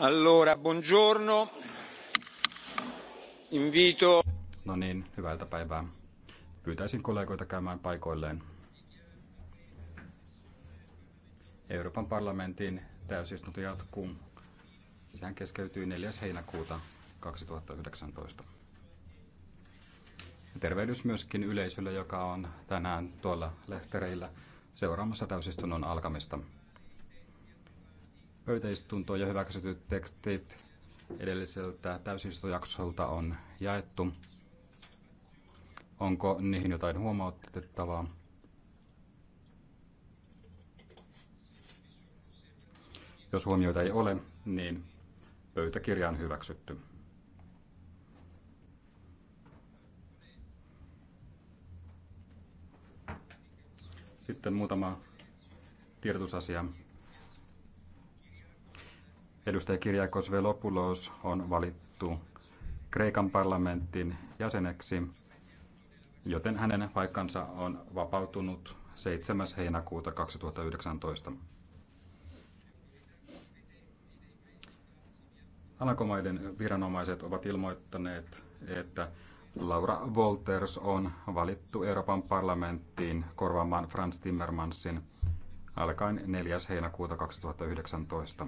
Allora, buongiorno. Invito... No niin, hyvältä päivää. Pyytäisin kollegoita käymään paikoilleen. Euroopan parlamentin täysistunto jatkuu. Sehän keskeytyi 4. heinäkuuta 2019. Tervehdys myöskin yleisölle, joka on tänään tuolla lehtereillä seuraamassa täysistunnon alkamista pöytäistuntoon ja hyväksytyt tekstit edelliseltä täysistujaksolta on jaettu. Onko niihin jotain huomautettavaa? Jos huomioita ei ole, niin pöytäkirja on hyväksytty. Sitten muutama tiedotusasia. Edustaja Kirjakos Velopulos on valittu Kreikan parlamentin jäseneksi, joten hänen paikkansa on vapautunut 7. heinäkuuta 2019. Alankomaiden viranomaiset ovat ilmoittaneet, että Laura Wolters on valittu Euroopan parlamenttiin korvaamaan Franz Timmermansin alkaen 4. heinäkuuta 2019.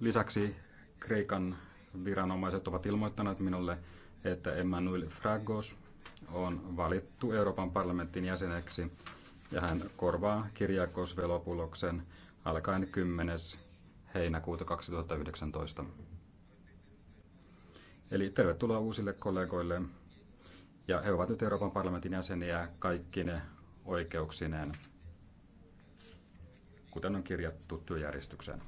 Lisäksi Kreikan viranomaiset ovat ilmoittaneet minulle, että Emmanuel Fragos on valittu Euroopan parlamentin jäseneksi ja hän korvaa Kirjakos Velopuloksen alkaen 10. heinäkuuta 2019. Eli tervetuloa uusille kollegoille. Ja he ovat nyt Euroopan parlamentin jäseniä kaikkine oikeuksineen, kuten on kirjattu työjärjestykseen.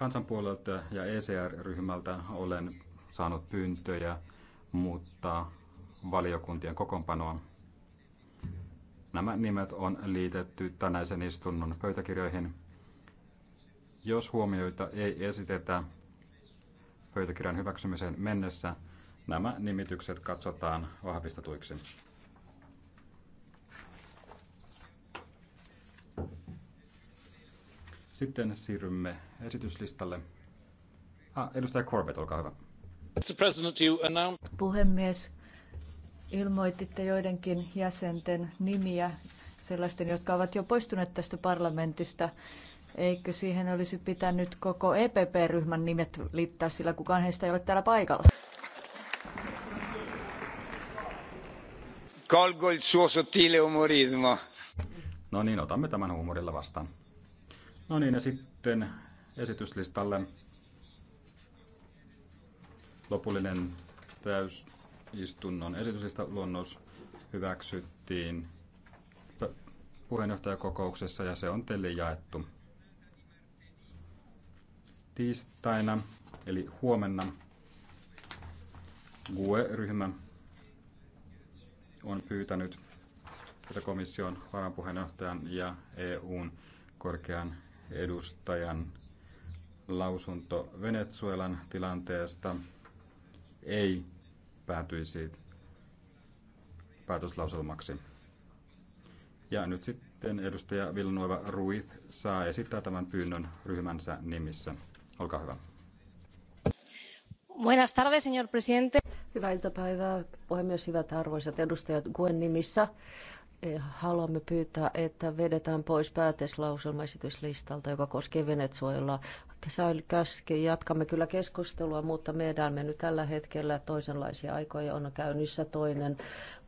Kansanpuolelta ja ECR-ryhmältä olen saanut pyyntöjä muuttaa valiokuntien kokoonpanoa. Nämä nimet on liitetty tänäisen istunnon pöytäkirjoihin. Jos huomioita ei esitetä pöytäkirjan hyväksymiseen mennessä, nämä nimitykset katsotaan vahvistetuiksi. Sitten siirrymme esityslistalle. Ah, edustaja Corbett, olkaa hyvä. Puhemies, ilmoititte joidenkin jäsenten nimiä, sellaisten, jotka ovat jo poistuneet tästä parlamentista. Eikö siihen olisi pitänyt koko EPP-ryhmän nimet liittää, sillä kukaan heistä ei ole täällä paikalla? Colgo il suo sottile umorismo. No niin, otamme tämän huumorilla vastaan. No niin, ja sitten esityslistalle lopullinen täysistunnon esityslista luonnos hyväksyttiin puheenjohtajakokouksessa ja se on teille jaettu. Tiistaina, eli huomenna, GUE-ryhmä on pyytänyt että komission varapuheenjohtajan ja EUn korkean edustajan lausunto Venezuelan tilanteesta ei päätyisi päätöslauselmaksi. Ja nyt sitten edustaja Villanueva Ruiz saa esittää tämän pyynnön ryhmänsä nimissä. Olkaa hyvä. Buenas tardes, señor presidente. Hyvää iltapäivää, puhemies, hyvät arvoisat edustajat Guen nimissä Eh, haluamme pyytää, että vedetään pois päätöslauselmaesityslistalta, joka koskee käski Jatkamme kyllä keskustelua, mutta meidän me nyt tällä hetkellä toisenlaisia aikoja on käynnissä toinen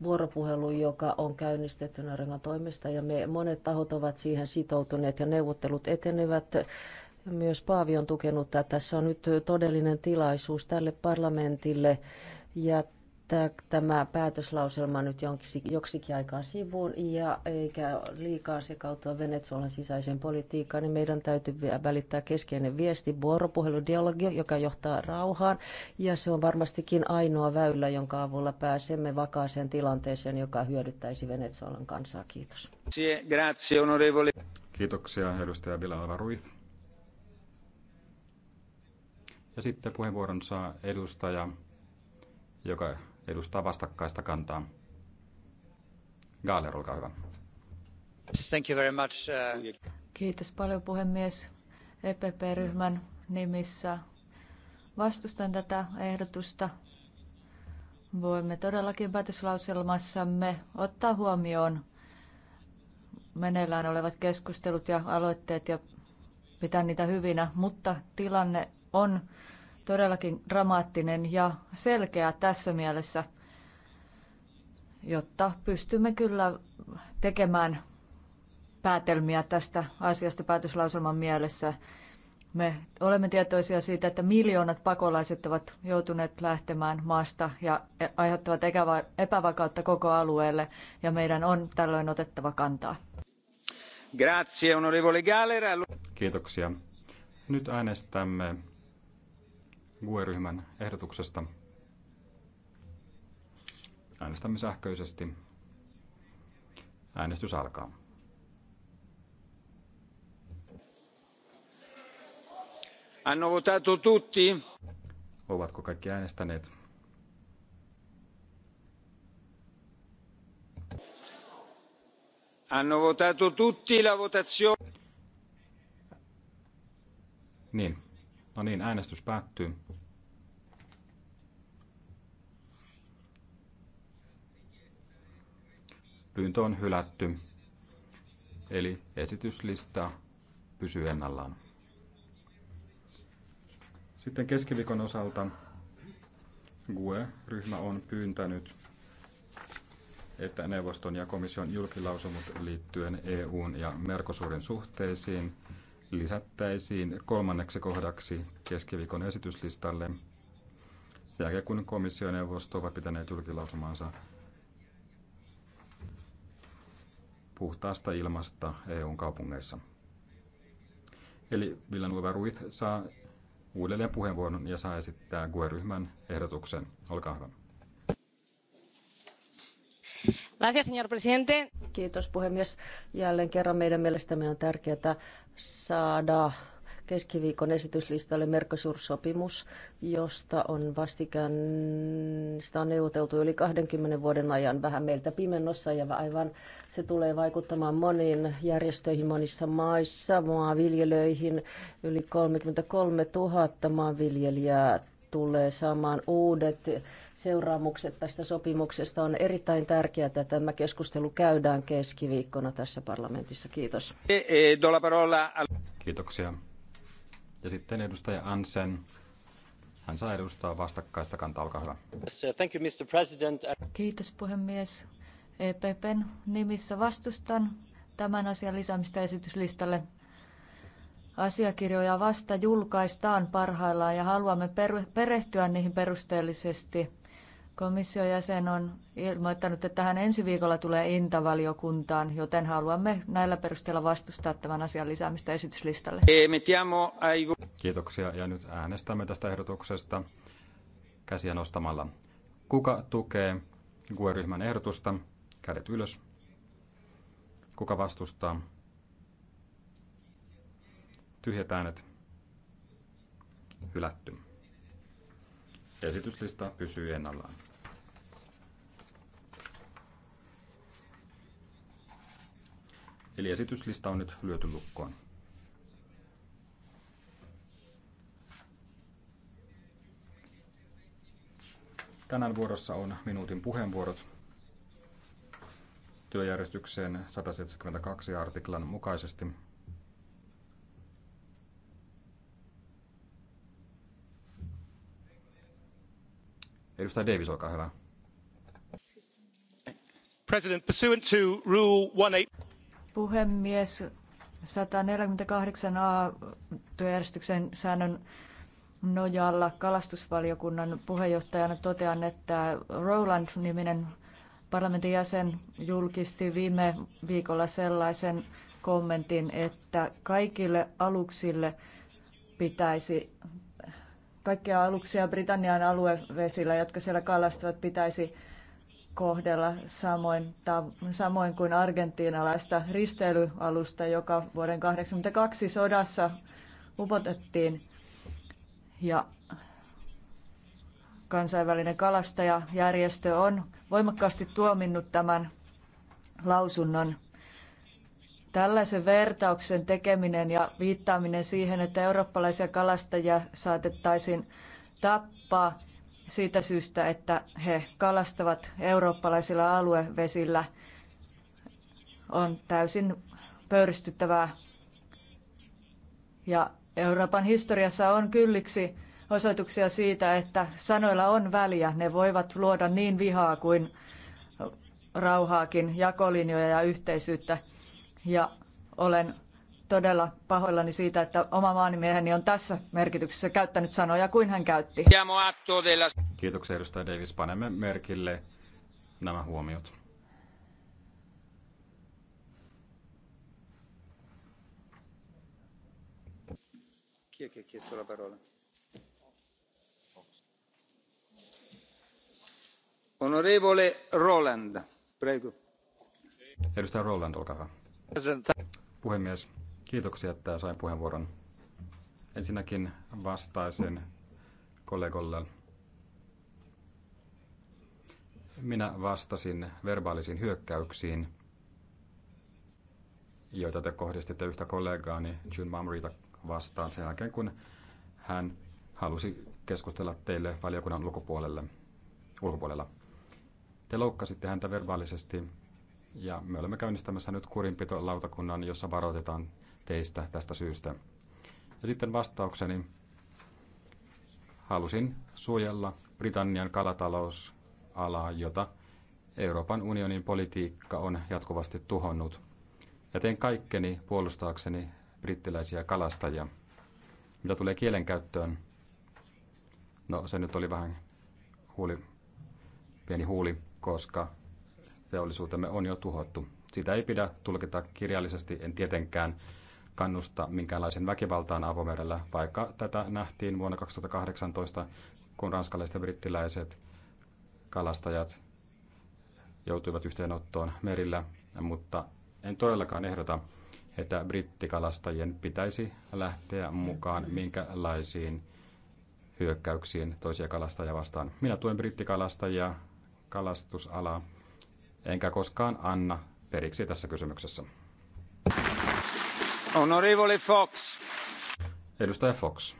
vuoropuhelu, joka on käynnistetty Norjan toimesta ja me monet tahot ovat siihen sitoutuneet ja neuvottelut etenevät. Myös Paavi on tukenut että Tässä on nyt todellinen tilaisuus tälle parlamentille jättää jättää tämä päätöslauselma nyt joksikin aikaa sivuun ja eikä liikaa sekautua Venezuelan sisäiseen politiikkaan, niin meidän täytyy välittää keskeinen viesti, vuoropuhelu, joka johtaa rauhaan. Ja se on varmastikin ainoa väylä, jonka avulla pääsemme vakaaseen tilanteeseen, joka hyödyttäisi Venezuelan kansaa. Kiitos. Kiitoksia, edustaja Vilalva Ruiz. Ja sitten puheenvuoron saa edustaja, joka edustaa vastakkaista kantaa. Gaaler, olkaa hyvä. Thank you very much. Uh, Kiitos paljon puhemies EPP-ryhmän nimissä. Vastustan tätä ehdotusta. Voimme todellakin päätöslauselmassamme ottaa huomioon meneillään olevat keskustelut ja aloitteet ja pitää niitä hyvinä, mutta tilanne on todellakin dramaattinen ja selkeä tässä mielessä, jotta pystymme kyllä tekemään päätelmiä tästä asiasta päätöslauselman mielessä. Me olemme tietoisia siitä, että miljoonat pakolaiset ovat joutuneet lähtemään maasta ja aiheuttavat epävakautta koko alueelle, ja meidän on tällöin otettava kantaa. Grazie, onorevole Gallera. Kiitoksia. Nyt äänestämme GUE-ryhmän ehdotuksesta. Äänestämme sähköisesti. Äänestys alkaa. Hanno votato tutti? Ovatko kaikki äänestäneet? Hanno votato tutti la votazione? Niin. No niin, äänestys päättyy. Pyyntö on hylätty, eli esityslista pysyy ennallaan. Sitten keskiviikon osalta GUE-ryhmä on pyyntänyt, että neuvoston ja komission julkilausumut liittyen EUn ja Mercosurin suhteisiin lisättäisiin kolmanneksi kohdaksi keskiviikon esityslistalle sen jälkeen kun komissio ja neuvosto ovat pitäneet julkilausumansa puhtaasta ilmasta EUn kaupungeissa. Eli Villanueva Ruiz saa uudelleen puheenvuoron ja saa esittää GUE-ryhmän ehdotuksen. Olkaa hyvä. Kiitos puhemies. Jälleen kerran meidän mielestämme on tärkeää saada keskiviikon esityslistalle Mercosur-sopimus, josta on vastikään sitä on neuvoteltu yli 20 vuoden ajan vähän meiltä pimennossa ja aivan se tulee vaikuttamaan moniin järjestöihin monissa maissa, maanviljelöihin. Yli 33 000 maanviljelijää tulee saamaan uudet seuraamukset tästä sopimuksesta. On erittäin tärkeää, että tämä keskustelu käydään keskiviikkona tässä parlamentissa. Kiitos. E, e, Kiitoksia. Ja sitten edustaja Ansen. Hän saa edustaa vastakkaista kantaa. Olkaa hyvä. Thank you, Mr. President. Kiitos puhemies. EPPn nimissä vastustan tämän asian lisäämistä esityslistalle. Asiakirjoja vasta julkaistaan parhaillaan ja haluamme perehtyä niihin perusteellisesti Komission jäsen on ilmoittanut, että hän ensi viikolla tulee Intavaliokuntaan, joten haluamme näillä perusteella vastustaa tämän asian lisäämistä esityslistalle. Kiitoksia ja nyt äänestämme tästä ehdotuksesta käsiä nostamalla. Kuka tukee GUE-ryhmän ehdotusta? Kädet ylös. Kuka vastustaa? Tyhjät äänet. Hylätty. Esityslista pysyy ennallaan. Eli esityslista on nyt lyöty lukkoon. Tänään vuorossa on minuutin puheenvuorot työjärjestykseen 172 artiklan mukaisesti. Edustaja Davis, olkaa hyvä. President, pursuant to rule 18... Puhemies, 148a työjärjestyksen säännön nojalla kalastusvaliokunnan puheenjohtajana totean, että Roland-niminen parlamentin jäsen julkisti viime viikolla sellaisen kommentin, että kaikille aluksille pitäisi, kaikkia aluksia Britannian aluevesillä, jotka siellä kalastavat, pitäisi kohdella samoin, ta, samoin kuin argentiinalaista risteilyalusta, joka vuoden 1982 sodassa upotettiin. Ja kansainvälinen kalastajajärjestö on voimakkaasti tuominnut tämän lausunnon. Tällaisen vertauksen tekeminen ja viittaaminen siihen, että eurooppalaisia kalastajia saatettaisiin tappaa, siitä syystä, että he kalastavat eurooppalaisilla aluevesillä. On täysin pöyristyttävää. Ja Euroopan historiassa on kylliksi osoituksia siitä, että sanoilla on väliä. Ne voivat luoda niin vihaa kuin rauhaakin, jakolinjoja ja yhteisyyttä. Ja olen todella pahoillani siitä, että oma maanimieheni on tässä merkityksessä käyttänyt sanoja kuin hän käytti. Kiitoksia edustaja Davis. Panemme merkille nämä huomiot. Onorevole Roland, prego. Edustaja Roland, olkaa hyvä. Puhemies, Kiitoksia, että sain puheenvuoron. Ensinnäkin vastaisin kollegolle. Minä vastasin verbaalisiin hyökkäyksiin, joita te kohdistitte yhtä kollegaani June Mamrita vastaan sen jälkeen, kun hän halusi keskustella teille valiokunnan ulkopuolelle, ulkopuolella. Te loukkasitte häntä verbaalisesti ja me olemme käynnistämässä nyt kurinpitolautakunnan, jossa varoitetaan teistä tästä syystä. Ja sitten vastaukseni. Halusin suojella Britannian kalatalousalaa, jota Euroopan unionin politiikka on jatkuvasti tuhonnut. Ja teen kaikkeni puolustaakseni brittiläisiä kalastajia. Mitä tulee kielenkäyttöön, no se nyt oli vähän huuli, pieni huuli, koska teollisuutemme on jo tuhottu. Sitä ei pidä tulkita kirjallisesti, en tietenkään kannusta minkäänlaisen väkivaltaan avomerellä, vaikka tätä nähtiin vuonna 2018, kun ranskalaiset ja brittiläiset kalastajat joutuivat yhteenottoon merillä, mutta en todellakaan ehdota, että brittikalastajien pitäisi lähteä mukaan minkälaisiin hyökkäyksiin toisia kalastajia vastaan. Minä tuen brittikalastajia, kalastusalaa, enkä koskaan anna periksi tässä kysymyksessä. Edustaja Fox.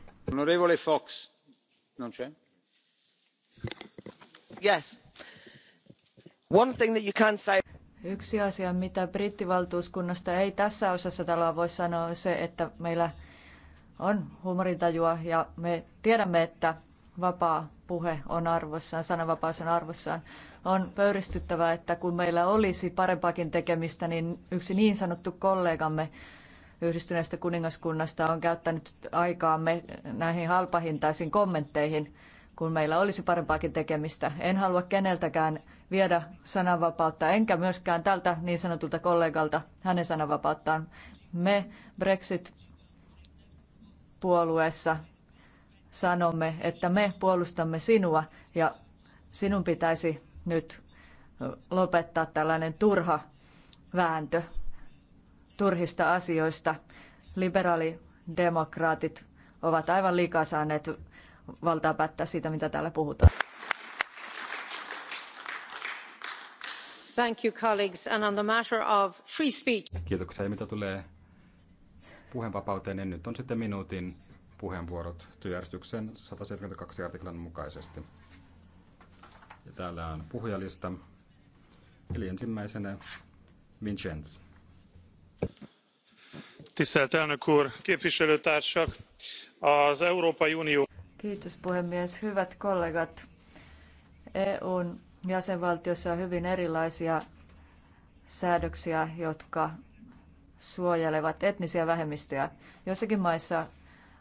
Yksi asia, mitä brittivaltuuskunnasta ei tässä osassa taloa voi sanoa, on se, että meillä on huumorintajua ja me tiedämme, että vapaa puhe on arvossaan, sananvapaus on arvossaan. On pöyristyttävää, että kun meillä olisi parempaakin tekemistä, niin yksi niin sanottu kollegamme yhdistyneestä kuningaskunnasta on käyttänyt aikaamme näihin halpahintaisiin kommentteihin, kun meillä olisi parempaakin tekemistä. En halua keneltäkään viedä sananvapautta, enkä myöskään tältä niin sanotulta kollegalta hänen sananvapauttaan. Me Brexit-puolueessa sanomme, että me puolustamme sinua ja sinun pitäisi nyt lopettaa tällainen turha vääntö turhista asioista. Liberaalidemokraatit ovat aivan liikaa saaneet valtaa päättää siitä, mitä täällä puhutaan. Thank you, colleagues. And on the matter of free speech. Kiitoksia. mitä tulee puheenvapauteen, niin nyt on sitten minuutin puheenvuorot työjärjestyksen 172 artiklan mukaisesti. Ja täällä on puhujalista. Eli ensimmäisenä Vincenz. Tisztelt elnök úr, képviselőtársak! Az Európai Unió... Kiitos puhemies. Hyvät kollegat, EUn jäsenvaltiossa on hyvin erilaisia säädöksiä, jotka suojelevat etnisiä vähemmistöjä. Joissakin maissa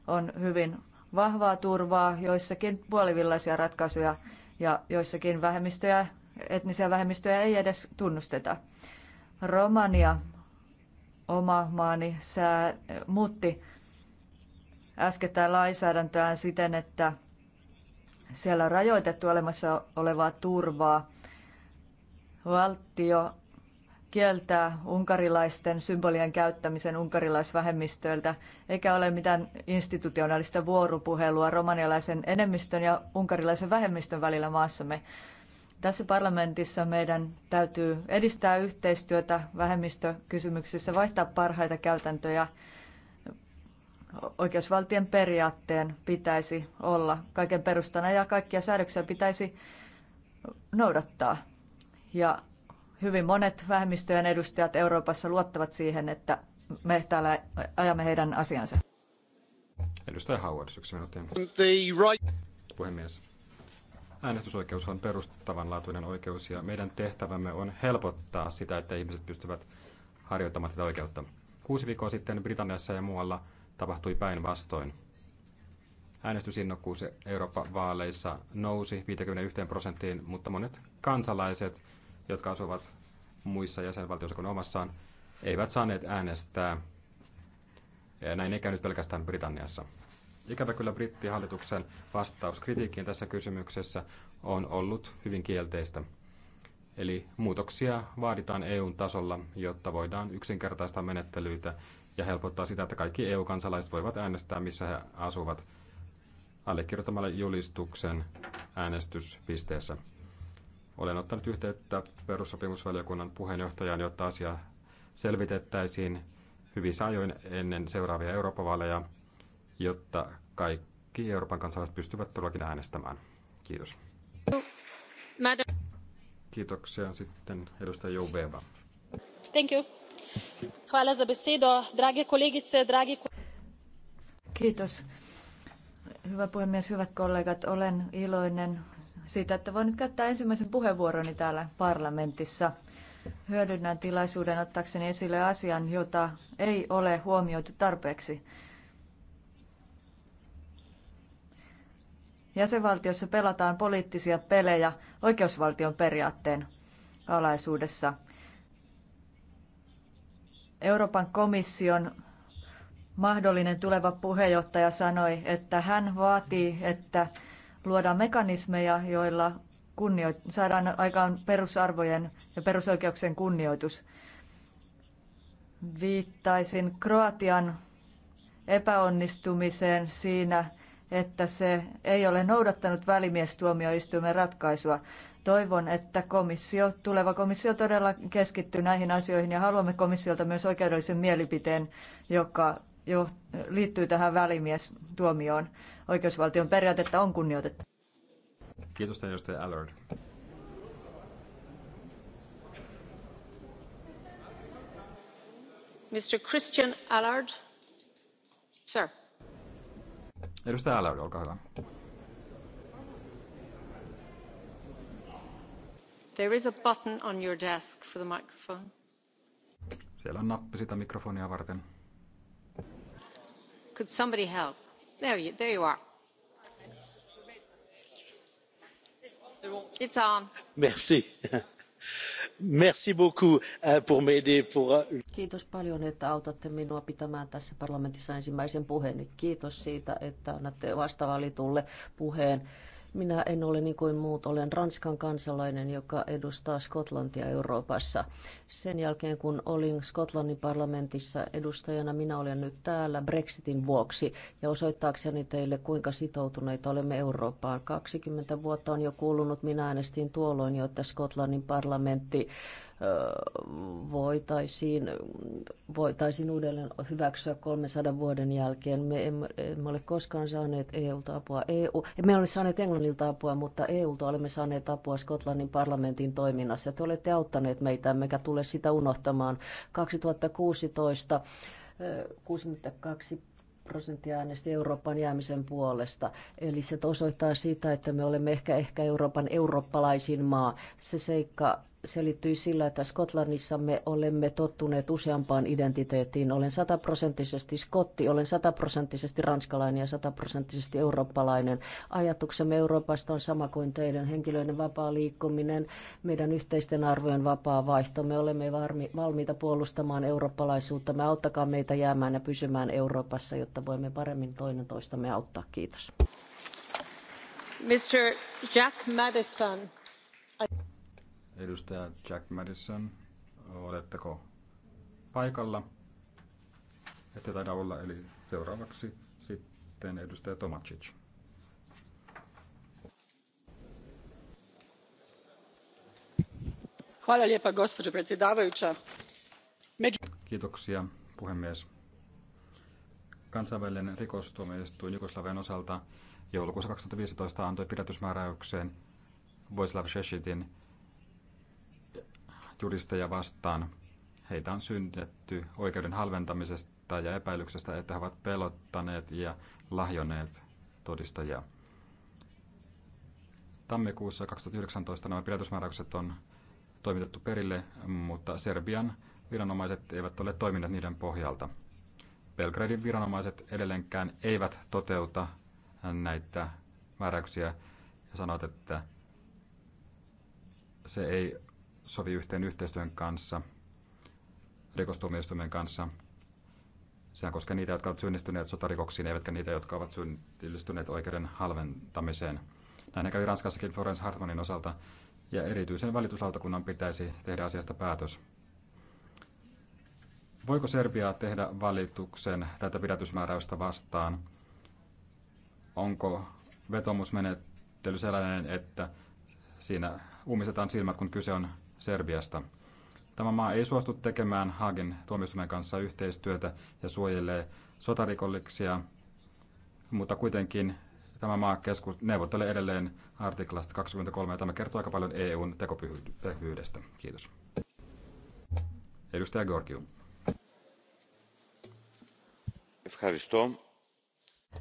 on hyvin vahvaa turvaa, joissakin puolivillaisia ratkaisuja ja joissakin vähemmistöjä, etnisiä vähemmistöjä ei edes tunnusteta. Romania oma maani sää, muutti äskettäin lainsäädäntöään siten, että siellä on rajoitettu olemassa olevaa turvaa. Valtio kieltää unkarilaisten symbolien käyttämisen unkarilaisvähemmistöiltä, eikä ole mitään institutionaalista vuoropuhelua romanialaisen enemmistön ja unkarilaisen vähemmistön välillä maassamme. Tässä parlamentissa meidän täytyy edistää yhteistyötä vähemmistökysymyksissä, vaihtaa parhaita käytäntöjä. Oikeusvaltion periaatteen pitäisi olla kaiken perustana ja kaikkia säädöksiä pitäisi noudattaa. Ja hyvin monet vähemmistöjen edustajat Euroopassa luottavat siihen, että me täällä ajamme heidän asiansa. Edustaja Howard, yksi minuutti. Puhemies Äänestysoikeus on perustavanlaatuinen oikeus ja meidän tehtävämme on helpottaa sitä, että ihmiset pystyvät harjoittamaan tätä oikeutta. Kuusi viikkoa sitten Britanniassa ja muualla tapahtui päinvastoin. Äänestysinnokkuus Euroopan vaaleissa nousi 51 prosenttiin, mutta monet kansalaiset, jotka asuvat muissa jäsenvaltioissa kuin omassaan, eivät saaneet äänestää. Ja näin ei käynyt pelkästään Britanniassa. Ikävä kyllä brittihallituksen vastaus kritiikkiin tässä kysymyksessä on ollut hyvin kielteistä. Eli muutoksia vaaditaan EUn tasolla, jotta voidaan yksinkertaistaa menettelyitä ja helpottaa sitä, että kaikki EU-kansalaiset voivat äänestää, missä he asuvat, allekirjoittamalla julistuksen äänestyspisteessä. Olen ottanut yhteyttä perussopimusvaliokunnan puheenjohtajaan, jotta asia selvitettäisiin hyvin ajoin ennen seuraavia Euroopan vaaleja jotta kaikki Euroopan kansalaiset pystyvät todellakin äänestämään. Kiitos. Kiitoksia sitten edustaja Joubeva. Thank you. Hvala za besedo, drage kolegice, dragi Kiitos. Hyvä puhemies, hyvät kollegat, olen iloinen siitä, että voin nyt käyttää ensimmäisen puheenvuoroni täällä parlamentissa. Hyödynnän tilaisuuden ottaakseni esille asian, jota ei ole huomioitu tarpeeksi. Jäsenvaltiossa pelataan poliittisia pelejä oikeusvaltion periaatteen alaisuudessa. Euroopan komission mahdollinen tuleva puheenjohtaja sanoi, että hän vaatii, että luodaan mekanismeja, joilla saadaan aikaan perusarvojen ja perusoikeuksien kunnioitus. Viittaisin Kroatian epäonnistumiseen siinä, että se ei ole noudattanut välimiestuomioistuimen ratkaisua. Toivon, että komissio, tuleva komissio todella keskittyy näihin asioihin ja haluamme komissiolta myös oikeudellisen mielipiteen, joka jo liittyy tähän välimiestuomioon. Oikeusvaltion periaatetta on kunnioitettu. Kiitos edustaja Allard. Mr. Christian Allard. Sir. Edustaja älä olkaa hyvä. There is a button on your desk for the microphone. Siellä on nappi sitä mikrofonia varten. Could somebody help? There you, there you are. It's on. Merci. Merci beaucoup euh, pour m'aider pour... Euh, Kiitos paljon, että autatte minua pitämään tässä parlamentissa ensimmäisen puheen. Kiitos siitä, että annatte vastavalitulle puheen minä en ole niin kuin muut, olen Ranskan kansalainen, joka edustaa Skotlantia Euroopassa. Sen jälkeen, kun olin Skotlannin parlamentissa edustajana, minä olen nyt täällä Brexitin vuoksi ja osoittaakseni teille, kuinka sitoutuneita olemme Eurooppaan. 20 vuotta on jo kuulunut, minä äänestin tuolloin jo, että Skotlannin parlamentti voitaisiin, voitaisiin uudelleen hyväksyä 300 vuoden jälkeen. Me emme, emme ole koskaan saaneet EU-ta apua. EU, me olemme saaneet Englannilta apua, mutta EU-ta olemme saaneet apua Skotlannin parlamentin toiminnassa. Te olette auttaneet meitä, mekä tule sitä unohtamaan. 2016 62 prosenttia äänesti Euroopan jäämisen puolesta. Eli se osoittaa sitä, että me olemme ehkä, ehkä Euroopan eurooppalaisin maa. Se seikka selittyy sillä, että Skotlannissa me olemme tottuneet useampaan identiteettiin. Olen sataprosenttisesti skotti, olen sataprosenttisesti ranskalainen ja sataprosenttisesti eurooppalainen. Ajatuksemme Euroopasta on sama kuin teidän henkilöiden vapaa liikkuminen, meidän yhteisten arvojen vapaa vaihto. Me olemme varmi, valmiita puolustamaan eurooppalaisuutta. Me auttakaa meitä jäämään ja pysymään Euroopassa, jotta voimme paremmin toinen toistamme auttaa. Kiitos. Mr. Jack Madison. Edustaja Jack Madison, oletteko paikalla? Ette taida olla, eli seuraavaksi sitten edustaja Tomacic. Hvala gospođo predsjednice kiitoksia puhemies kansainvälinen rikostuomioistuin jugoslavian osalta joulukuussa 2015 antoi pidätysmääräykseen voislav šešitin julisteja vastaan. Heitä on syntetty oikeuden halventamisesta ja epäilyksestä, että he ovat pelottaneet ja lahjoneet todistajia. Tammikuussa 2019 nämä pidätysmääräykset on toimitettu perille, mutta Serbian viranomaiset eivät ole toimineet niiden pohjalta. Belgradin viranomaiset edelleenkään eivät toteuta näitä määräyksiä ja sanovat, että se ei sovi yhteen yhteistyön kanssa, rikostuomioistuimen kanssa. Sehän koskee niitä, jotka ovat syyllistyneet sotarikoksiin, eivätkä niitä, jotka ovat syyllistyneet oikeuden halventamiseen. Näin kävi Ranskassakin Florence Hartmanin osalta, ja erityisen valituslautakunnan pitäisi tehdä asiasta päätös. Voiko Serbia tehdä valituksen tätä pidätysmääräystä vastaan? Onko vetomusmenettely sellainen, että siinä ummistetaan silmät, kun kyse on Serbiasta. Tämä maa ei suostu tekemään Haagin tuomioistuimen kanssa yhteistyötä ja suojelee sotarikollisia, mutta kuitenkin tämä maa keskus neuvottelee edelleen artiklasta 23 ja tämä kertoo aika paljon EUn tekopyhyydestä. Kiitos. Edustaja Georgiou.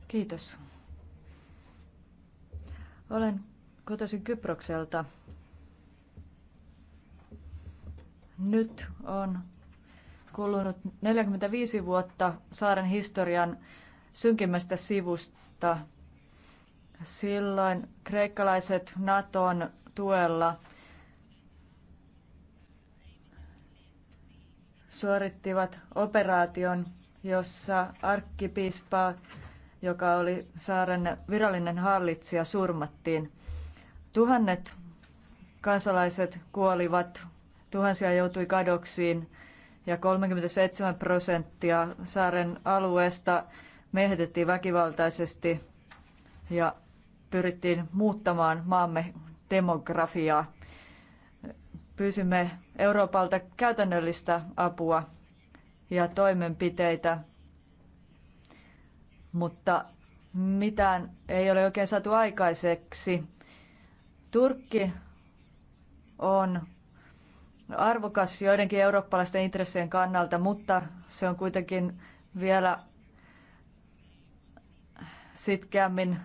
Kiitos. Olen kotoisin Kyprokselta Nyt on kulunut 45 vuotta saaren historian synkimmästä sivusta. Silloin kreikkalaiset Naton tuella suorittivat operaation, jossa arkkipiispa, joka oli saaren virallinen hallitsija, surmattiin. Tuhannet kansalaiset kuolivat Tuhansia joutui kadoksiin ja 37 prosenttia saaren alueesta mehetettiin väkivaltaisesti ja pyrittiin muuttamaan maamme demografiaa. Pyysimme Euroopalta käytännöllistä apua ja toimenpiteitä, mutta mitään ei ole oikein saatu aikaiseksi. Turkki on arvokas joidenkin eurooppalaisten intressien kannalta, mutta se on kuitenkin vielä sitkeämmin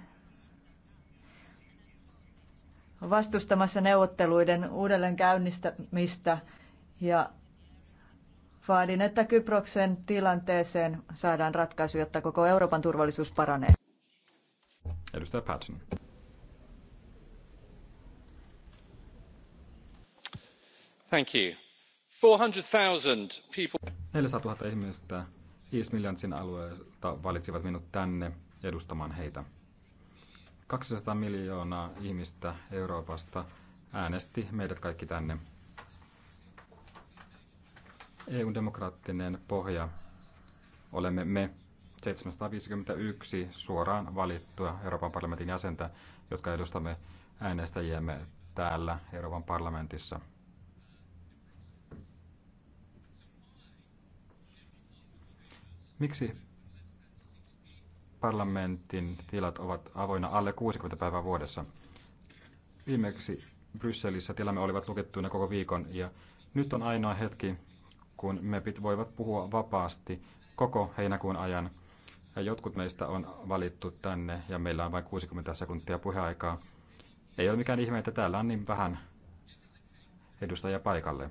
vastustamassa neuvotteluiden uudelleen käynnistämistä ja vaadin, että Kyproksen tilanteeseen saadaan ratkaisu, jotta koko Euroopan turvallisuus paranee. Edustaja Patson. 400 000 ihmistä East alueelta valitsivat minut tänne edustamaan heitä. 200 miljoonaa ihmistä Euroopasta äänesti meidät kaikki tänne. EUn demokraattinen pohja olemme me 751 suoraan valittua Euroopan parlamentin jäsentä, jotka edustamme äänestäjiämme täällä Euroopan parlamentissa – Miksi parlamentin tilat ovat avoinna alle 60 päivää vuodessa? Viimeksi Brysselissä tilamme olivat lukittuina koko viikon ja nyt on ainoa hetki, kun MEPit voivat puhua vapaasti koko heinäkuun ajan. Ja jotkut meistä on valittu tänne ja meillä on vain 60 sekuntia puheaikaa. Ei ole mikään ihme, että täällä on niin vähän edustajia paikalle.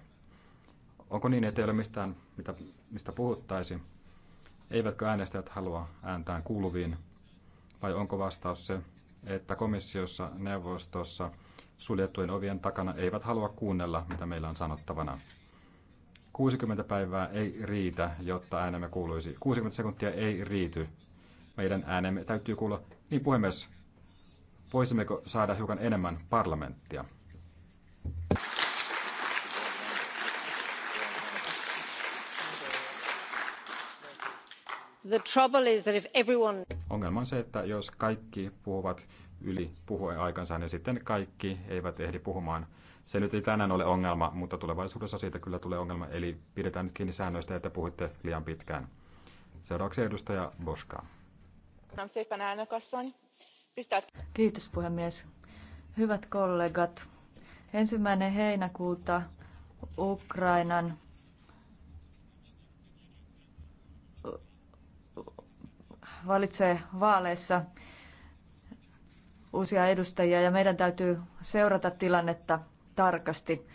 Onko niin, että ole mitään mitä, mistä puhuttaisiin? Eivätkö äänestäjät halua ääntään kuuluviin? Vai onko vastaus se, että komissiossa, neuvostossa, suljettujen ovien takana eivät halua kuunnella, mitä meillä on sanottavana? 60 päivää ei riitä, jotta äänemme kuuluisi. 60 sekuntia ei riity. Meidän äänemme täytyy kuulla. Niin puhemies, voisimmeko saada hiukan enemmän parlamenttia? Ongelma on se, että jos kaikki puhuvat yli puhuen aikansa, niin sitten kaikki eivät ehdi puhumaan. Se nyt ei tänään ole ongelma, mutta tulevaisuudessa siitä kyllä tulee ongelma, eli pidetään nyt kiinni säännöistä, että puhutte liian pitkään. Seuraavaksi edustaja Boska. Kiitos puhemies. Hyvät kollegat, ensimmäinen heinäkuuta Ukrainan valitsee vaaleissa uusia edustajia ja meidän täytyy seurata tilannetta tarkasti.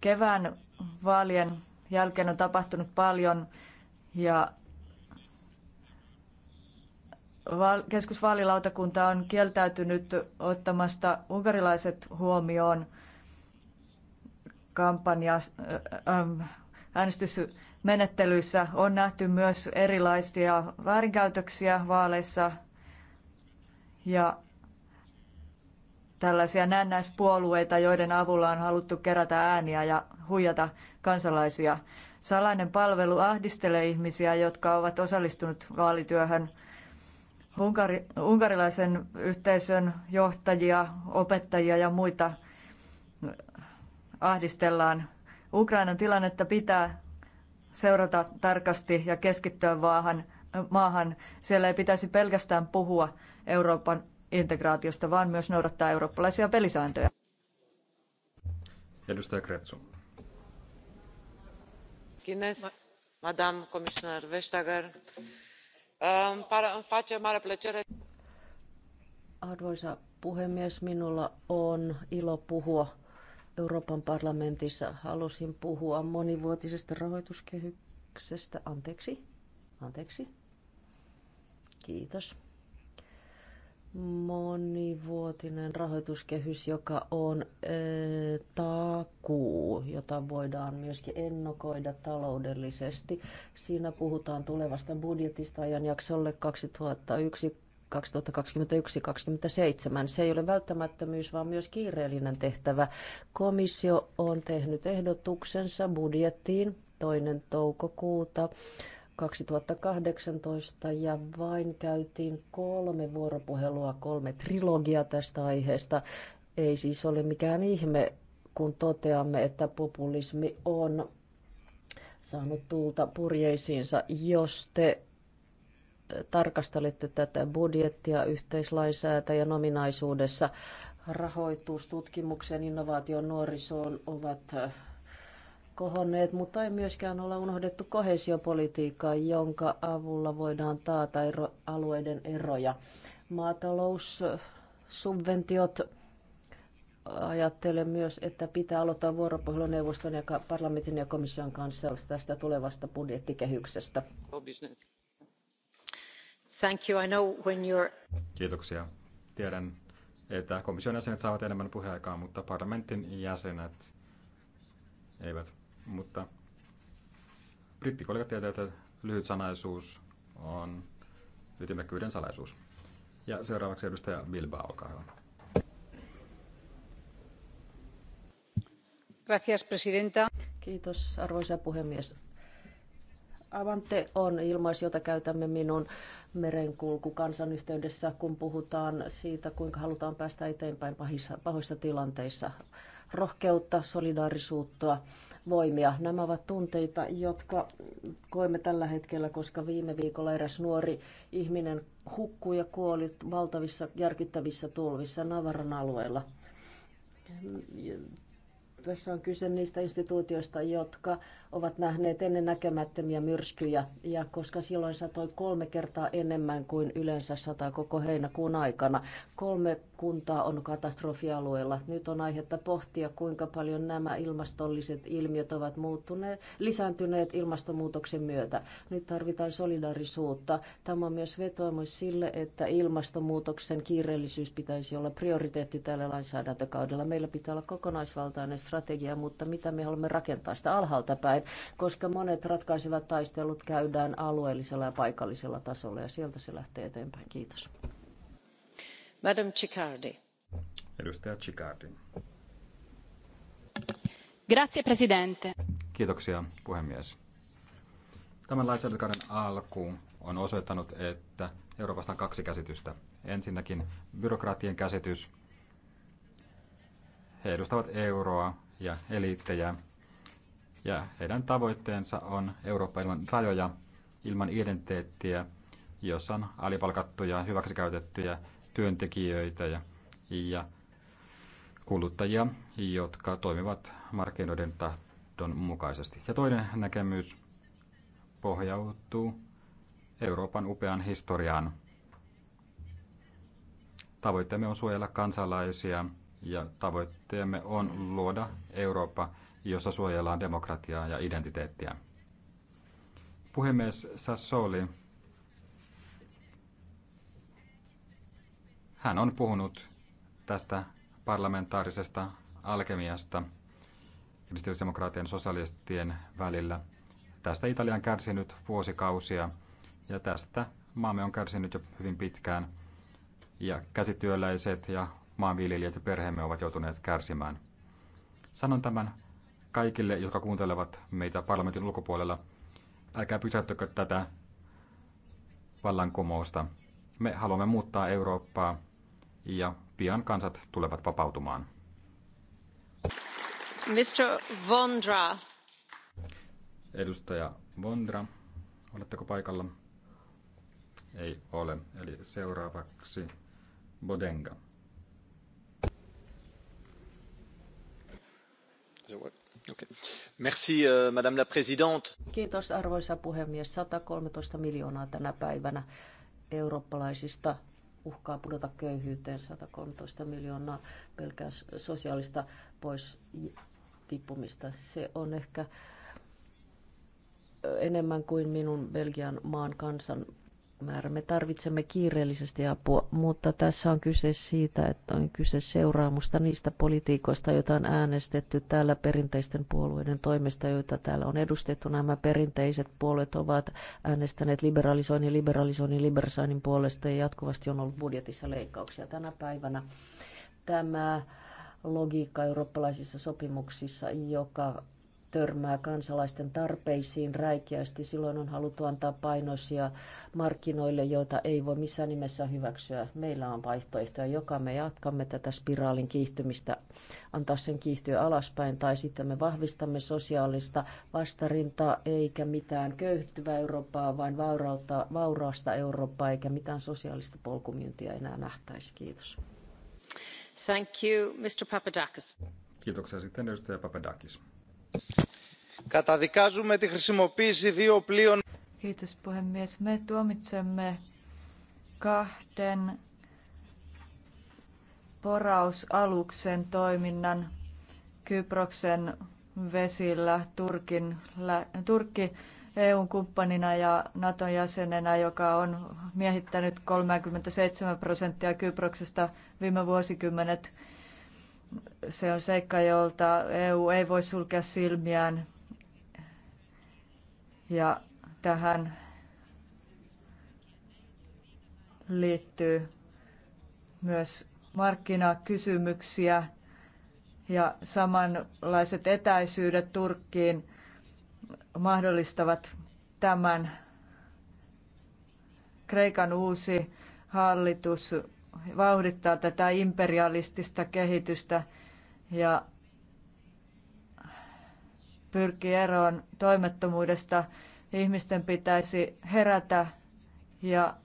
Kevään vaalien jälkeen on tapahtunut paljon ja keskusvaalilautakunta on kieltäytynyt ottamasta unkarilaiset huomioon kampanja, äh, äh, äänestys menettelyissä on nähty myös erilaisia väärinkäytöksiä vaaleissa ja tällaisia näennäispuolueita, joiden avulla on haluttu kerätä ääniä ja huijata kansalaisia. Salainen palvelu ahdistelee ihmisiä, jotka ovat osallistuneet vaalityöhön. Unkari, unkarilaisen yhteisön johtajia, opettajia ja muita ahdistellaan. Ukrainan tilannetta pitää seurata tarkasti ja keskittyä maahan, maahan. Siellä ei pitäisi pelkästään puhua Euroopan integraatiosta, vaan myös noudattaa eurooppalaisia pelisääntöjä. Edustaja Kretsu. Kiitos, Madame Commissioner Vestager. Arvoisa puhemies, minulla on ilo puhua Euroopan parlamentissa. Halusin puhua monivuotisesta rahoituskehyksestä. Anteeksi. Anteeksi. Kiitos. Monivuotinen rahoituskehys, joka on ää, takuu, jota voidaan myöskin ennakoida taloudellisesti. Siinä puhutaan tulevasta budjetista ajanjaksolle 2001 2021-2027. Se ei ole välttämättömyys, vaan myös kiireellinen tehtävä. Komissio on tehnyt ehdotuksensa budjettiin toinen toukokuuta 2018 ja vain käytiin kolme vuoropuhelua, kolme trilogia tästä aiheesta. Ei siis ole mikään ihme, kun toteamme, että populismi on saanut tulta purjeisiinsa, jos te tarkastelette tätä budjettia yhteislainsäätäjän ominaisuudessa. Rahoitus, tutkimukseen, innovaation, nuorisoon ovat äh, kohonneet, mutta ei myöskään olla unohdettu kohesiopolitiikkaa, jonka avulla voidaan taata ero, alueiden eroja. Maataloussubventiot äh, ajattelen myös, että pitää aloittaa vuoropuhelu neuvoston ja parlamentin ja komission kanssa tästä tulevasta budjettikehyksestä. Kiitoksia. Tiedän, että komission jäsenet saavat enemmän puheaikaa, mutta parlamentin jäsenet eivät. Mutta brittikollegat tietävät, että lyhyt sanaisuus on ytimekkyyden salaisuus. Ja seuraavaksi edustaja Bilbao, olkaa hyvä. Gracias, presidenta. Kiitos, arvoisa puhemies Avante on ilmaisu, jota käytämme minun merenkulku yhteydessä, kun puhutaan siitä, kuinka halutaan päästä eteenpäin pahissa, pahoissa tilanteissa. Rohkeutta, solidaarisuutta, voimia. Nämä ovat tunteita, jotka koemme tällä hetkellä, koska viime viikolla eräs nuori ihminen hukkui ja kuoli valtavissa järkyttävissä tulvissa Navaran alueella tässä on kyse niistä instituutioista, jotka ovat nähneet ennen näkemättömiä myrskyjä, ja koska silloin satoi kolme kertaa enemmän kuin yleensä sataa koko heinäkuun aikana. Kolme kuntaa on katastrofialueella. Nyt on aihetta pohtia, kuinka paljon nämä ilmastolliset ilmiöt ovat muuttuneet, lisääntyneet ilmastonmuutoksen myötä. Nyt tarvitaan solidarisuutta. Tämä on myös vetoomus sille, että ilmastonmuutoksen kiireellisyys pitäisi olla prioriteetti tällä lainsäädäntökaudella. Meillä pitää olla kokonaisvaltainen strategia, mutta mitä me haluamme rakentaa sitä alhaalta päin, koska monet ratkaisevat taistelut käydään alueellisella ja paikallisella tasolla ja sieltä se lähtee eteenpäin. Kiitos arvoisa puhemies puhemies tämän lainsäädäntökauden alku on osoittanut että euroopasta on kaksi käsitystä. ensinnäkin byrokraattien käsitys he edustavat euroa ja eliittejä ja heidän tavoitteensa on Eurooppa ilman rajoja, ilman identiteettiä, jossa on alipalkattuja, hyväksikäytettyjä työntekijöitä ja, ja kuluttajia, jotka toimivat markkinoiden tahdon mukaisesti. Ja toinen näkemys pohjautuu Euroopan upean historiaan. Tavoitteemme on suojella kansalaisia ja tavoitteemme on luoda Eurooppa, jossa suojellaan demokratiaa ja identiteettiä. Puhemies Sassoli Hän on puhunut tästä parlamentaarisesta alkemiasta kristillisdemokraattien ja sosialistien välillä. Tästä Italia on kärsinyt vuosikausia ja tästä maamme on kärsinyt jo hyvin pitkään. Ja käsityöläiset ja maanviljelijät ja perheemme ovat joutuneet kärsimään. Sanon tämän kaikille, jotka kuuntelevat meitä parlamentin ulkopuolella. Älkää pysäyttäkö tätä vallankumousta. Me haluamme muuttaa Eurooppaa ja pian kansat tulevat vapautumaan. Mr. Vondra. Edustaja Vondra, oletteko paikalla? Ei ole. Eli seuraavaksi Bodenga. Merci, euh, madame la présidente. Kiitos arvoisa puhemies. 113 miljoonaa tänä päivänä eurooppalaisista uhkaa pudota köyhyyteen 113 miljoonaa pelkää sosiaalista pois tippumista. Se on ehkä enemmän kuin minun Belgian maan kansan määrä. Me tarvitsemme kiireellisesti apua, mutta tässä on kyse siitä, että on kyse seuraamusta niistä politiikoista, joita on äänestetty täällä perinteisten puolueiden toimesta, joita täällä on edustettu. Nämä perinteiset puolueet ovat äänestäneet liberalisoinnin, liberalisoinnin, liberalisoinnin puolesta ja jatkuvasti on ollut budjetissa leikkauksia tänä päivänä. Tämä logiikka eurooppalaisissa sopimuksissa, joka törmää kansalaisten tarpeisiin räikeästi. Silloin on haluttu antaa painoisia markkinoille, joita ei voi missään nimessä hyväksyä. Meillä on vaihtoehtoja, joka me jatkamme tätä spiraalin kiihtymistä, antaa sen kiihtyä alaspäin, tai sitten me vahvistamme sosiaalista vastarintaa, eikä mitään köyhtyvää Eurooppaa, vaan vaurautta, vauraasta Eurooppaa, eikä mitään sosiaalista polkumyyntiä enää nähtäisi. Kiitos. Thank you, Mr. Papadakis. Kiitoksia sitten edustaja Papadakis Kiitos puhemies. Me tuomitsemme kahden porausaluksen toiminnan Kyproksen vesillä Turkin, Turkki EUn kumppanina ja Naton jäsenenä, joka on miehittänyt 37 prosenttia Kyproksesta viime vuosikymmenet. Se on seikka, jolta EU ei voi sulkea silmiään. Ja tähän liittyy myös markkinakysymyksiä ja samanlaiset etäisyydet Turkkiin mahdollistavat tämän. Kreikan uusi hallitus vauhdittaa tätä imperialistista kehitystä ja pyrkii eroon toimettomuudesta. Ihmisten pitäisi herätä ja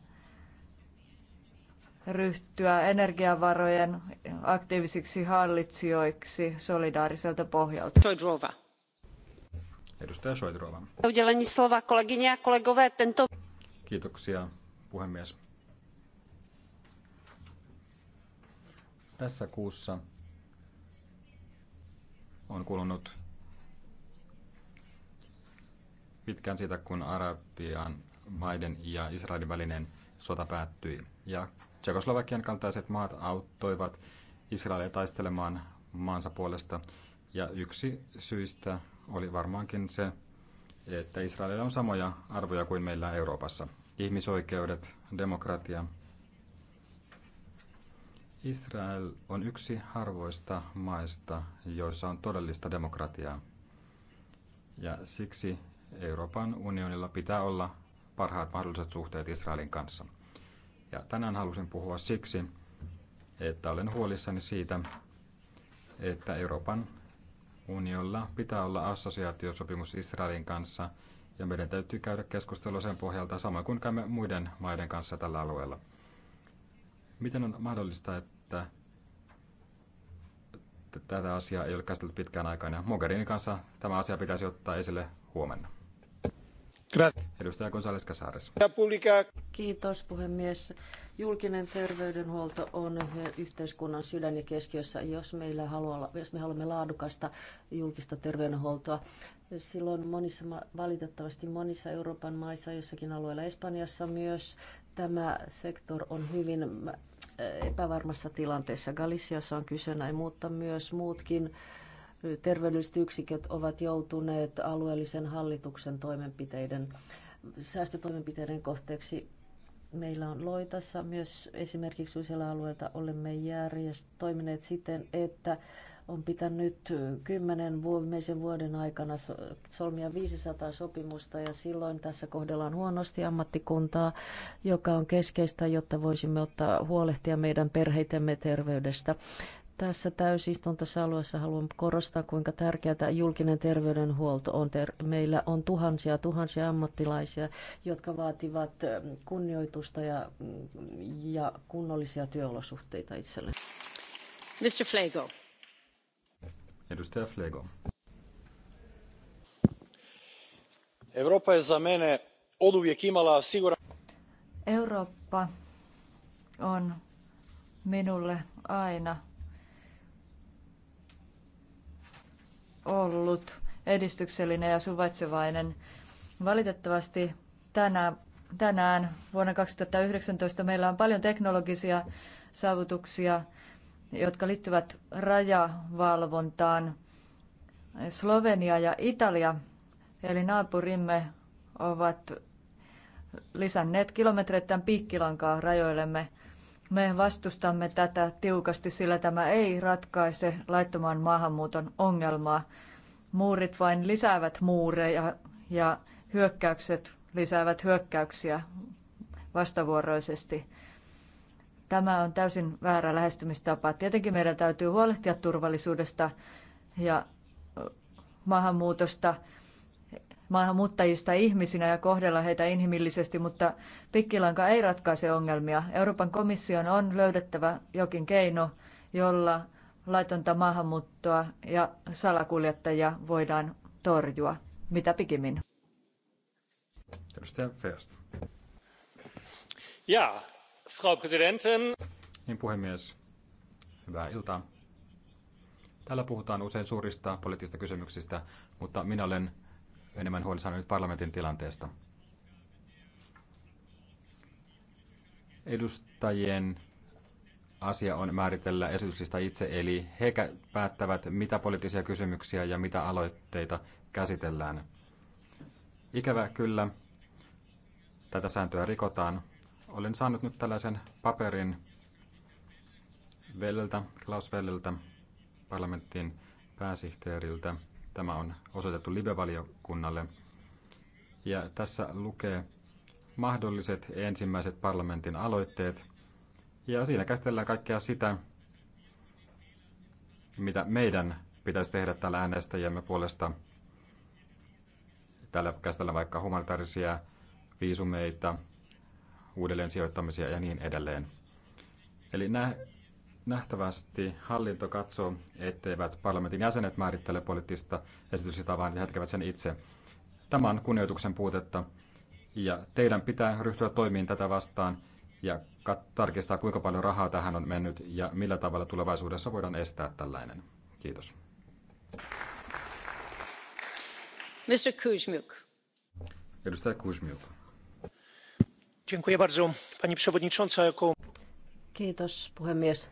ryhtyä energiavarojen aktiivisiksi hallitsijoiksi solidaariselta pohjalta. Soidrova. Edustaja Soidrova. Udělení slova kolegyně Tento... Kiitoksia puhemies. Tässä kuussa on kulunut pitkään siitä, kun Arabian maiden ja Israelin välinen sota päättyi. Ja Tsekoslovakian kaltaiset maat auttoivat Israelia taistelemaan maansa puolesta. Ja yksi syistä oli varmaankin se, että Israelilla on samoja arvoja kuin meillä Euroopassa. Ihmisoikeudet, demokratia, Israel on yksi harvoista maista, joissa on todellista demokratiaa. Ja siksi Euroopan unionilla pitää olla parhaat mahdolliset suhteet Israelin kanssa. Ja tänään halusin puhua siksi, että olen huolissani siitä, että Euroopan unionilla pitää olla assosiaatiosopimus Israelin kanssa, ja meidän täytyy käydä keskustelua sen pohjalta samoin kuin käymme muiden maiden kanssa tällä alueella. Miten on mahdollista, että tätä asiaa ei ole käsitelty pitkään aikaan ja Mogherinin kanssa tämä asia pitäisi ottaa esille huomenna. Edustaja González Casares. Kiitos puhemies. Julkinen terveydenhuolto on yhteiskunnan sydän ja keskiössä. Jos, meillä haluaa, jos me haluamme laadukasta julkista terveydenhuoltoa, silloin monissa, valitettavasti monissa Euroopan maissa, jossakin alueella Espanjassa myös, Tämä sektor on hyvin äh, epävarmassa tilanteessa. Galiciassa on kyse näin, mutta myös muutkin äh, terveydelliset yksiköt ovat joutuneet alueellisen hallituksen toimenpiteiden, säästötoimenpiteiden kohteeksi. Meillä on Loitassa myös esimerkiksi useilla alueilla olemme järjest, toimineet siten, että on pitänyt kymmenen viimeisen vuoden aikana solmia 500 sopimusta ja silloin tässä kohdellaan huonosti ammattikuntaa, joka on keskeistä, jotta voisimme ottaa huolehtia meidän perheitemme terveydestä tässä täysistuntosalueessa haluan korostaa, kuinka tärkeää julkinen terveydenhuolto on. Meillä on tuhansia tuhansia ammattilaisia, jotka vaativat kunnioitusta ja, mm, ja kunnollisia työolosuhteita itselleen. Mr. Flago. Edustaja Flego. Eurooppa on za mene oduvijek imala siguran... Eurooppa on minulle aina ollut edistyksellinen ja suvaitsevainen. Valitettavasti tänä, tänään vuonna 2019 meillä on paljon teknologisia saavutuksia, jotka liittyvät rajavalvontaan. Slovenia ja Italia, eli naapurimme, ovat lisänneet kilometreittäin piikkilankaa rajoillemme. Me vastustamme tätä tiukasti, sillä tämä ei ratkaise laittoman maahanmuuton ongelmaa. Muurit vain lisäävät muureja ja hyökkäykset lisäävät hyökkäyksiä vastavuoroisesti. Tämä on täysin väärä lähestymistapa. Tietenkin meidän täytyy huolehtia turvallisuudesta ja maahanmuutosta, maahanmuuttajista ihmisinä ja kohdella heitä inhimillisesti, mutta pikkilanka ei ratkaise ongelmia. Euroopan komission on löydettävä jokin keino, jolla laitonta maahanmuuttoa ja salakuljettajia voidaan torjua mitä pikimmin. Edustaja Feast. Ja, Frau Präsidentin. Niin puhemies, hyvää iltaa. Täällä puhutaan usein suurista poliittisista kysymyksistä, mutta minä olen enemmän huolissani nyt parlamentin tilanteesta. Edustajien asia on määritellä esityslista itse, eli he päättävät, mitä poliittisia kysymyksiä ja mitä aloitteita käsitellään. Ikävä kyllä, tätä sääntöä rikotaan, olen saanut nyt tällaisen paperin Velleltä, Klaus Velleltä, parlamentin pääsihteeriltä. Tämä on osoitettu Libevaliokunnalle valiokunnalle Ja tässä lukee mahdolliset ensimmäiset parlamentin aloitteet. Ja siinä käsitellään kaikkea sitä, mitä meidän pitäisi tehdä täällä äänestäjämme puolesta. Täällä käsitellään vaikka humanitaarisia viisumeita, uudelleen sijoittamisia ja niin edelleen. Eli nähtävästi hallinto katsoo, etteivät parlamentin jäsenet määrittele poliittista esitystä, vaan he sen itse. Tämä on kunnioituksen puutetta ja teidän pitää ryhtyä toimiin tätä vastaan ja tarkistaa, kuinka paljon rahaa tähän on mennyt ja millä tavalla tulevaisuudessa voidaan estää tällainen. Kiitos. Mr. Kuzmiuk. Edustaja Kuzmiuk Kiitos puhemies.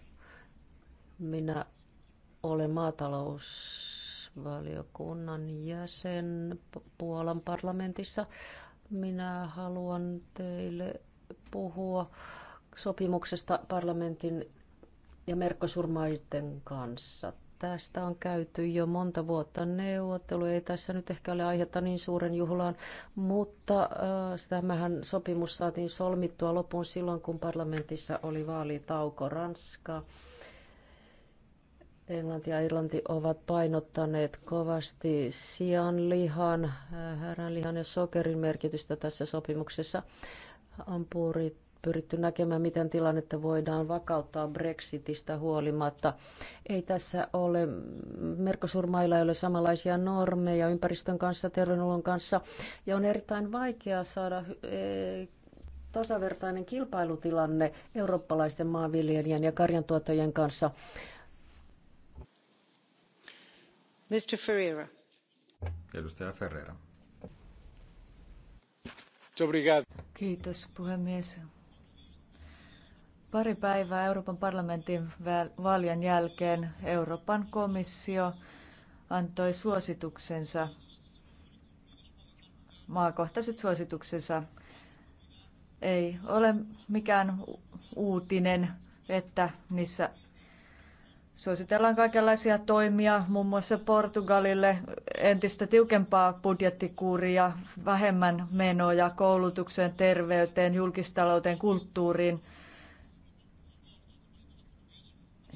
Minä olen maatalousvaliokunnan jäsen Puolan parlamentissa. Minä haluan teille puhua sopimuksesta parlamentin ja merkkosurmaiden kanssa. Tästä on käyty jo monta vuotta neuvottelu. Ei tässä nyt ehkä ole aihetta niin suuren juhlaan, mutta tämähän sopimus saatiin solmittua lopun silloin, kun parlamentissa oli vaalitauko Ranska. Englanti ja Irlanti ovat painottaneet kovasti sianlihan, häränlihan ja sokerin merkitystä tässä sopimuksessa. Ampurit pyritty näkemään, miten tilannetta voidaan vakauttaa Brexitistä huolimatta. Ei tässä ole, merkosurmailla ei ole samanlaisia normeja ympäristön kanssa, terveydenhuollon kanssa, ja on erittäin vaikeaa saada eh, tasavertainen kilpailutilanne eurooppalaisten maanviljelijän ja karjantuottajien kanssa. Mr. Ferreira. Edustaja Ferreira. Kiitos puhemies. Pari päivää Euroopan parlamentin vaalien jälkeen Euroopan komissio antoi suosituksensa, maakohtaiset suosituksensa. Ei ole mikään uutinen, että niissä suositellaan kaikenlaisia toimia, muun muassa Portugalille entistä tiukempaa budjettikuria, vähemmän menoja koulutukseen, terveyteen, julkistalouteen, kulttuuriin –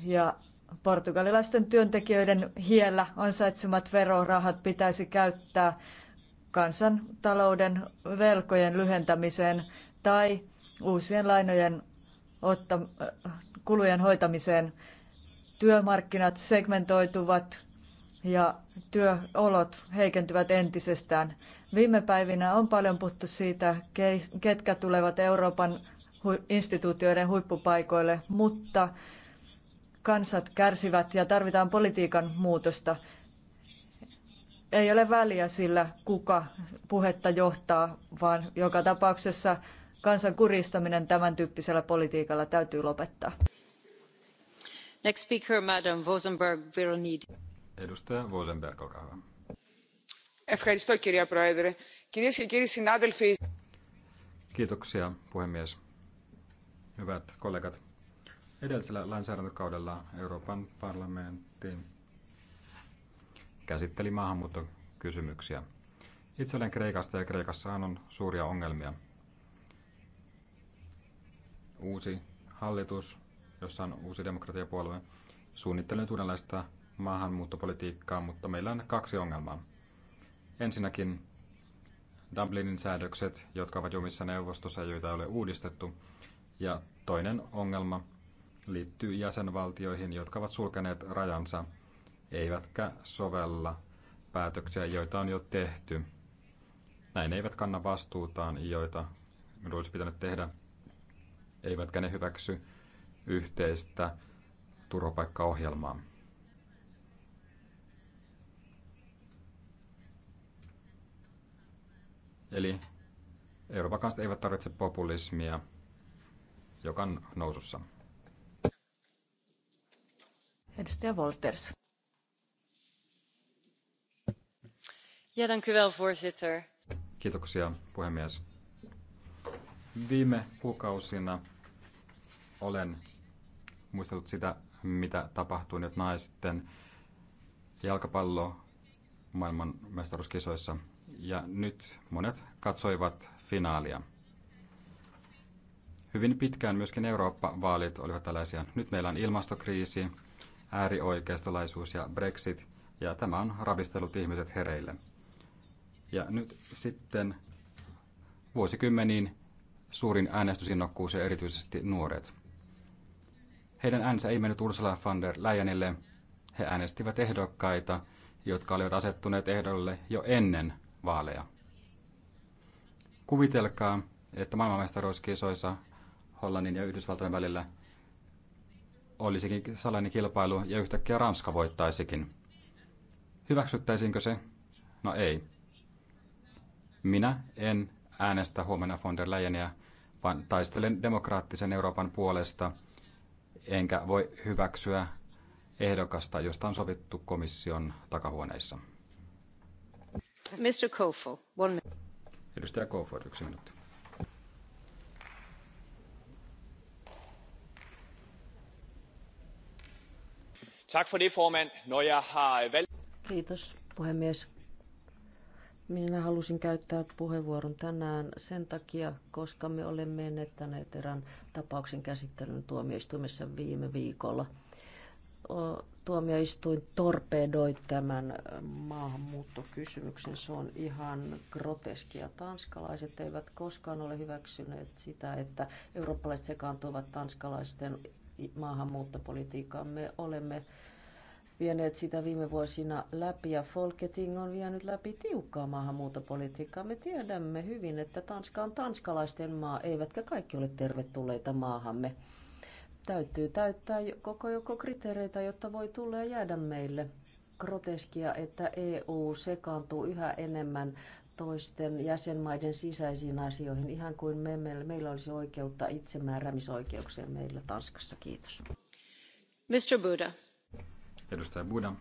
ja portugalilaisten työntekijöiden hiellä ansaitsemat verorahat pitäisi käyttää kansantalouden velkojen lyhentämiseen tai uusien lainojen otta, kulujen hoitamiseen. Työmarkkinat segmentoituvat ja työolot heikentyvät entisestään. Viime päivinä on paljon puhuttu siitä, ketkä tulevat Euroopan instituutioiden huippupaikoille, mutta kansat kärsivät ja tarvitaan politiikan muutosta. Ei ole väliä sillä, kuka puhetta johtaa, vaan joka tapauksessa kansan kuristaminen tämän tyyppisellä politiikalla täytyy lopettaa. Next speaker, Madam Vosenberg, Veronidi. Edustaja Vosenberg, olkaa hyvä. Ευχαριστώ, κυρία Πρόεδρε. Kiitoksia, puhemies. Hyvät kollegat. Edellisellä lainsäädäntökaudella Euroopan parlamentti käsitteli maahanmuuttokysymyksiä. Itse olen Kreikasta ja Kreikassahan on suuria ongelmia. Uusi hallitus, jossa on uusi demokratiapuolue, suunnittelee uudenlaista maahanmuuttopolitiikkaa, mutta meillä on kaksi ongelmaa. Ensinnäkin Dublinin säädökset, jotka ovat jumissa neuvostossa ja joita ei ole uudistettu. Ja toinen ongelma – liittyy jäsenvaltioihin, jotka ovat sulkeneet rajansa, eivätkä sovella päätöksiä, joita on jo tehty. Näin eivät kanna vastuutaan, joita olisi pitänyt tehdä, eivätkä ne hyväksy yhteistä turvapaikkaohjelmaa. Eli Euroopan kanssa eivät tarvitse populismia, joka on nousussa. Edustaja Wolters. Ja, dank u puhemies. Viime kuukausina olen muistellut sitä, mitä tapahtui nyt naisten jalkapallo mestaruuskisoissa. Ja nyt monet katsoivat finaalia. Hyvin pitkään myöskin Eurooppa-vaalit olivat tällaisia. Nyt meillä on ilmastokriisi, äärioikeistolaisuus ja Brexit, ja tämä on ravistellut ihmiset hereille. Ja nyt sitten vuosikymmeniin suurin äänestysinnokkuus ja erityisesti nuoret. Heidän äänensä ei mennyt Ursula von der Leyenille. He äänestivät ehdokkaita, jotka olivat asettuneet ehdolle jo ennen vaaleja. Kuvitelkaa, että maailmanmestaruuskisoissa Hollannin ja Yhdysvaltojen välillä – olisikin salainen kilpailu ja yhtäkkiä Ranska voittaisikin. Hyväksyttäisiinkö se? No ei. Minä en äänestä huomenna von der Leyenia, vaan taistelen demokraattisen Euroopan puolesta, enkä voi hyväksyä ehdokasta, josta on sovittu komission takahuoneissa. Mr. Kofod, one... Edustaja Kofod, yksi minuutti Øh, Kiitos puhemies. Minä halusin käyttää puheenvuoron tänään sen takia, koska me olemme menettäneet erään tapauksen käsittelyn tuomioistuimessa viime viikolla. Tuomioistuin torpedoi tämän maahanmuuttokysymyksen. Se on ihan groteskia. Tanskalaiset eivät koskaan ole hyväksyneet sitä, että eurooppalaiset sekaantuvat tanskalaisten maahanmuuttopolitiikkaan. Me olemme vieneet sitä viime vuosina läpi ja Folketing on vienyt läpi tiukkaa maahanmuuttopolitiikkaa. Me tiedämme hyvin, että Tanska on tanskalaisten maa, eivätkä kaikki ole tervetulleita maahamme. Täytyy täyttää koko joko kriteereitä, jotta voi tulla ja jäädä meille groteskia, että EU sekaantuu yhä enemmän toisten jäsenmaiden sisäisiin asioihin, ihan kuin me, meillä, meillä olisi oikeutta itsemääräämisoikeukseen meillä Tanskassa. Kiitos. Mr. Buda. Edustaja Buda.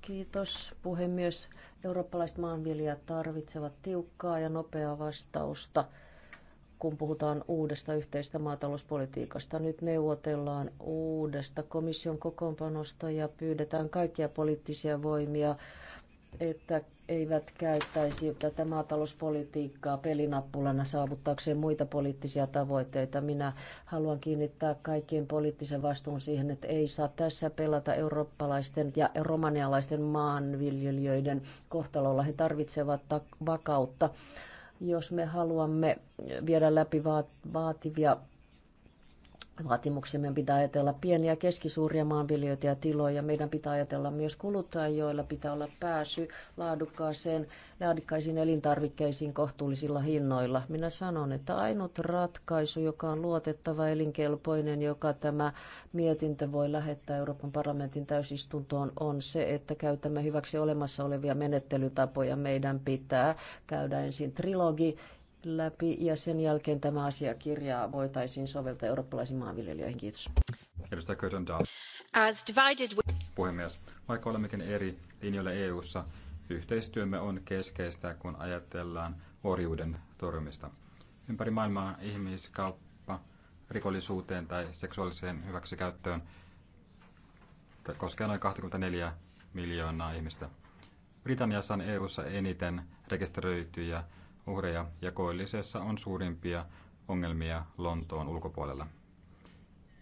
Kiitos puhemies. Eurooppalaiset maanviljelijät tarvitsevat tiukkaa ja nopeaa vastausta kun puhutaan uudesta yhteistä maatalouspolitiikasta. Nyt neuvotellaan uudesta komission kokoonpanosta ja pyydetään kaikkia poliittisia voimia, että eivät käyttäisi tätä maatalouspolitiikkaa pelinappulana saavuttaakseen muita poliittisia tavoitteita. Minä haluan kiinnittää kaikkien poliittisen vastuun siihen, että ei saa tässä pelata eurooppalaisten ja romanialaisten maanviljelijöiden kohtalolla. He tarvitsevat vakautta jos me haluamme viedä läpi vaativia Vaatimuksemme pitää ajatella pieniä ja keskisuuria maanviljoita ja tiloja. Meidän pitää ajatella myös kuluttajia, joilla pitää olla pääsy laadukkaaseen, laadukkaisiin elintarvikkeisiin kohtuullisilla hinnoilla. Minä sanon, että ainut ratkaisu, joka on luotettava, elinkelpoinen, joka tämä mietintö voi lähettää Euroopan parlamentin täysistuntoon, on se, että käytämme hyväksi olemassa olevia menettelytapoja. Meidän pitää käydä ensin trilogi, läpi ja sen jälkeen tämä asiakirja voitaisiin soveltaa eurooppalaisiin maanviljelijöihin. Kiitos. Edustaja Kösendal. As divided... Puhemies, vaikka olemmekin eri linjoilla EU:ssa, yhteistyömme on keskeistä, kun ajatellaan orjuuden torjumista. Ympäri maailmaa ihmiskauppa rikollisuuteen tai seksuaaliseen hyväksikäyttöön koskee noin 24 miljoonaa ihmistä. Britanniassa on EU:ssa eniten rekisteröityjä uhreja ja koillisessa on suurimpia ongelmia Lontoon ulkopuolella.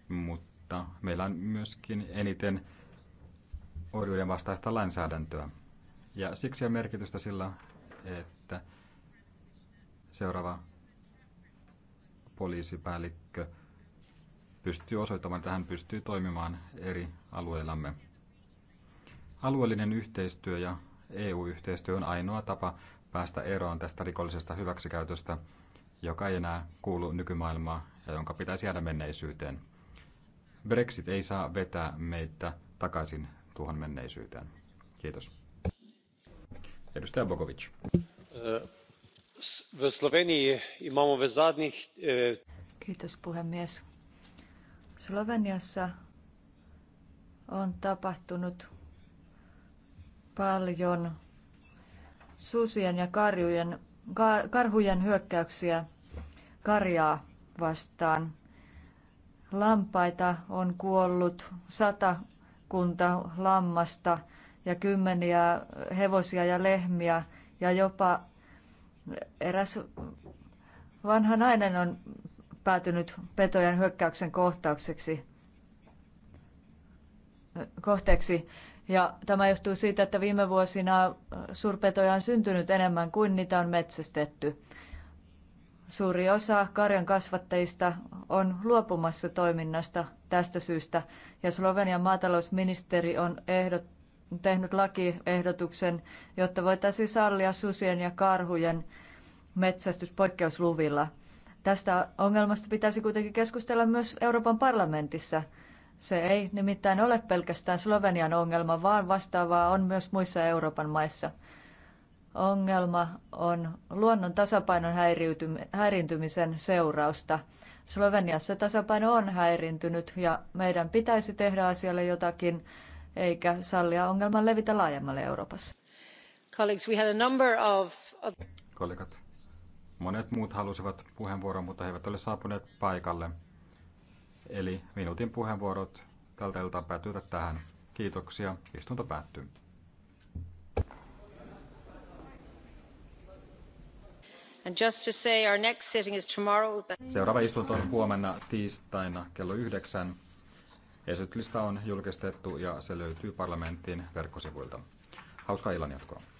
Mutta meillä on myöskin eniten orjuuden vastaista lainsäädäntöä. Ja siksi on merkitystä sillä, että seuraava poliisipäällikkö pystyy osoittamaan, että hän pystyy toimimaan eri alueillamme. Alueellinen yhteistyö ja EU-yhteistyö on ainoa tapa päästä eroon tästä rikollisesta hyväksikäytöstä, joka ei enää kuulu nykymaailmaan ja jonka pitäisi jäädä menneisyyteen. Brexit ei saa vetää meitä takaisin tuohon menneisyyteen. Kiitos. Edustaja Bogovic. imamo eh, Kiitos puhemies. Sloveniassa on tapahtunut paljon susien ja karjujen, karhujen hyökkäyksiä karjaa vastaan. Lampaita on kuollut sata kunta lammasta ja kymmeniä hevosia ja lehmiä ja jopa eräs vanha nainen on päätynyt petojen hyökkäyksen kohtaukseksi, kohteeksi. Ja tämä johtuu siitä, että viime vuosina äh, suurpetoja on syntynyt enemmän kuin niitä on metsästetty. Suuri osa karjan kasvattajista on luopumassa toiminnasta tästä syystä, ja Slovenian maatalousministeri on ehdot, tehnyt lakiehdotuksen, jotta voitaisiin sallia susien ja karhujen metsästys poikkeusluvilla. Tästä ongelmasta pitäisi kuitenkin keskustella myös Euroopan parlamentissa – se ei nimittäin ole pelkästään Slovenian ongelma, vaan vastaavaa on myös muissa Euroopan maissa. Ongelma on luonnon tasapainon häiriintymisen seurausta. Sloveniassa tasapaino on häiriintynyt ja meidän pitäisi tehdä asialle jotakin, eikä sallia ongelman levitä laajemmalle Euroopassa. Kollegat, monet muut halusivat puheenvuoron, mutta he eivät ole saapuneet paikalle. Eli minuutin puheenvuorot tältä iltaa päätyvät tähän. Kiitoksia. Istunto päättyy. Seuraava istunto on huomenna tiistaina kello yhdeksän. Esityslista on julkistettu ja se löytyy parlamentin verkkosivuilta. Hauskaa illanjatkoa.